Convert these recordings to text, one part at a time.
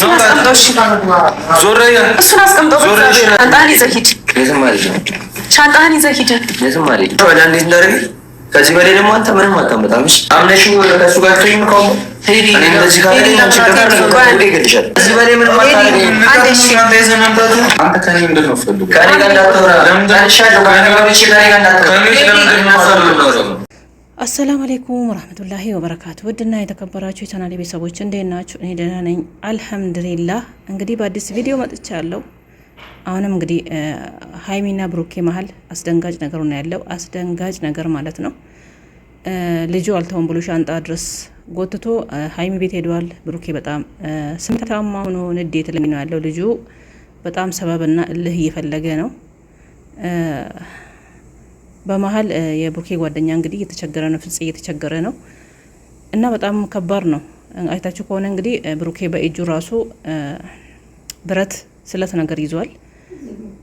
ሻንጣህን ይዘህ ሂድ። ከዚህ በላይ ደግሞ አንተ ምንም አታመጣም። እሺ አምነሽ ወደ ከሱ ጋር ትይም ከሆነ ከዚህ በላይ አሰላሙ አሌይኩም ረህመቱላሂ ወበረካቱ ውድና የተከበራችሁ የቻናል ቤተሰቦች እንዴት ናችሁ? እኔ ደህና ነኝ አልሐምዱሊላህ። እንግዲህ በአዲስ ቪዲዮ መጥቻለሁ። አሁንም እንግዲህ ሀይሚና ብሩኬ መሀል አስደንጋጭ ነገር ነው ያለው፣ አስደንጋጭ ነገር ማለት ነው። ልጁ አልተውን ብሎ ሻንጣ ድረስ ጎትቶ ሀይሚ ቤት ሄደዋል። ብሩኬ በጣም ስሜታማ ሆኖ ንዴት ላይ ነው ያለው። ልጁ በጣም ሰበብና እልህ እየፈለገ ነው በመሀል የቡኬ ጓደኛ እንግዲህ እየተቸገረ ነው፣ ፍጽ እየተቸገረ ነው እና በጣም ከባድ ነው። አይታችሁ ከሆነ እንግዲህ ብሩኬ በእጁ ራሱ ብረት ስለት ነገር ይዟል።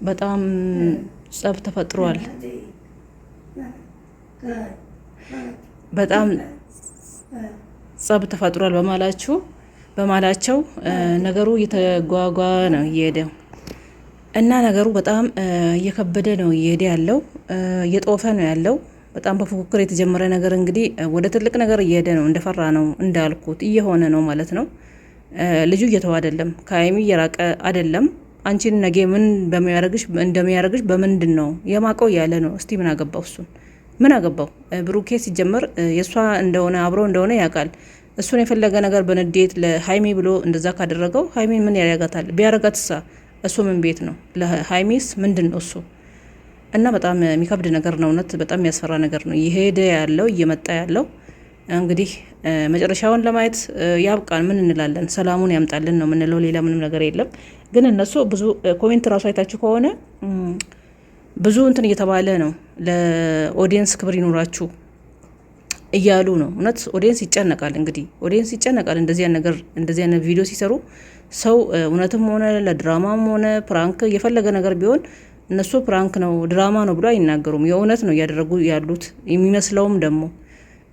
በጣም ጸብ ተፈጥሯል። በጣም ጸብ ተፈጥሯል በማላችሁ በማላቸው ነገሩ እየተጓጓ ነው እየሄደ እና ነገሩ በጣም እየከበደ ነው እየሄደ ያለው እየጦፈ ነው ያለው። በጣም በፉክክር የተጀመረ ነገር እንግዲህ ወደ ትልቅ ነገር እየሄደ ነው። እንደፈራ ነው እንዳልኩት እየሆነ ነው ማለት ነው። ልጁ እየተው አይደለም፣ ከሀይሚ እየራቀ አይደለም። አንቺን ነገ ምን በሚያደርግሽ እንደሚያደርግሽ በምንድን ነው የማቀው ያለ ነው። እስቲ ምን አገባው እሱን ምን አገባው? ብሩኬ ሲጀመር የእሷ እንደሆነ አብሮ እንደሆነ ያውቃል። እሱን የፈለገ ነገር በንዴት ለሀይሚ ብሎ እንደዛ ካደረገው ሀይሚን ምን ያደርጋታል? ቢያደርጋት ሳ እሱ ምን ቤት ነው? ለሀይሚስ ምንድን ነው እሱ እና በጣም የሚከብድ ነገር ነው። እውነት በጣም የሚያስፈራ ነገር ነው እየሄደ ያለው እየመጣ ያለው እንግዲህ መጨረሻውን ለማየት ያብቃን። ምን እንላለን? ሰላሙን ያምጣልን ነው የምንለው። ሌላ ምንም ነገር የለም። ግን እነሱ ብዙ ኮሜንት ራሱ አይታችሁ ከሆነ ብዙ እንትን እየተባለ ነው፣ ለኦዲየንስ ክብር ይኖራችሁ እያሉ ነው። እውነት ኦዲየንስ ይጨነቃል። እንግዲህ ኦዲየንስ ይጨነቃል። እንደዚያ ነገር እንደዚያ ቪዲዮ ሲሰሩ ሰው እውነትም ሆነ ለድራማም ሆነ ፕራንክ የፈለገ ነገር ቢሆን እነሱ ፕራንክ ነው ድራማ ነው ብሎ አይናገሩም። የእውነት ነው እያደረጉ ያሉት የሚመስለውም ደግሞ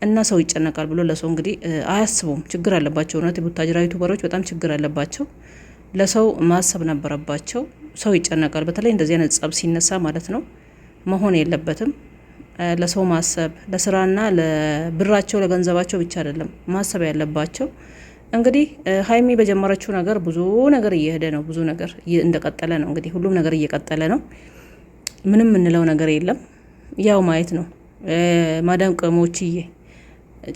እና ሰው ይጨነቃል ብሎ ለሰው እንግዲህ አያስቡም። ችግር አለባቸው። እውነት የቡታጅራ ዩቱበሮች በጣም ችግር አለባቸው። ለሰው ማሰብ ነበረባቸው። ሰው ይጨነቃል። በተለይ እንደዚህ አይነት ጸብ ሲነሳ ማለት ነው። መሆን የለበትም። ለሰው ማሰብ ለስራና ለብራቸው ለገንዘባቸው ብቻ አይደለም ማሰብ ያለባቸው እንግዲህ ሀይሚ በጀመረችው ነገር ብዙ ነገር እየሄደ ነው። ብዙ ነገር እንደቀጠለ ነው። እንግዲህ ሁሉም ነገር እየቀጠለ ነው። ምንም የምንለው ነገር የለም። ያው ማየት ነው። ማዳም ቅሞችዬ፣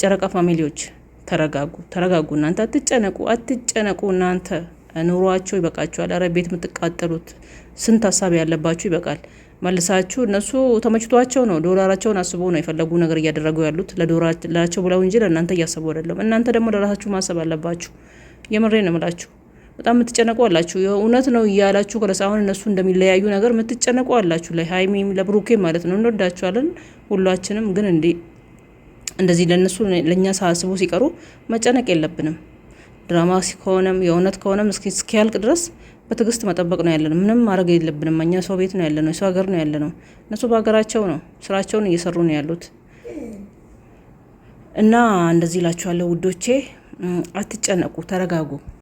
ጨረቃ ፋሚሊዎች ተረጋጉ፣ ተረጋጉ። እናንተ አትጨነቁ፣ አትጨነቁ። እናንተ ኑሯቸው ይበቃቸዋል። አረ ቤት የምትቃጠሉት ስንት ሀሳብ ያለባችሁ ይበቃል። መልሳችሁ እነሱ ተመችቷቸው ነው ዶላራቸውን አስቦ ነው የፈለጉ ነገር እያደረጉ ያሉት ለዶላራቸው ብለው እንጂ ለእናንተ እያሰቡ አይደለም። እናንተ ደግሞ ለራሳችሁ ማሰብ አለባችሁ። የምሬ ነው ምላችሁ። በጣም የምትጨነቁ አላችሁ። የእውነት ነው እያላችሁ ከለሳ አሁን እነሱ እንደሚለያዩ ነገር የምትጨነቁ አላችሁ። ለሀይሚም ለብሩኬ ማለት ነው። እንወዳችኋለን ሁላችንም። ግን እንዲ እንደዚህ ለእነሱ ለእኛ ሳስቡ ሲቀሩ መጨነቅ የለብንም። ድራማ ከሆነም የእውነት ከሆነም እስኪያልቅ ድረስ በትዕግስት መጠበቅ ነው ያለነው። ምንም ማድረግ የለብንም። እኛ ሰው ቤት ነው ያለነው፣ የሰው ሀገር ነው ያለነው። እነሱ በሀገራቸው ነው ስራቸውን እየሰሩ ነው ያሉት። እና እንደዚህ እላችኋለሁ ውዶቼ፣ አትጨነቁ፣ ተረጋጉ።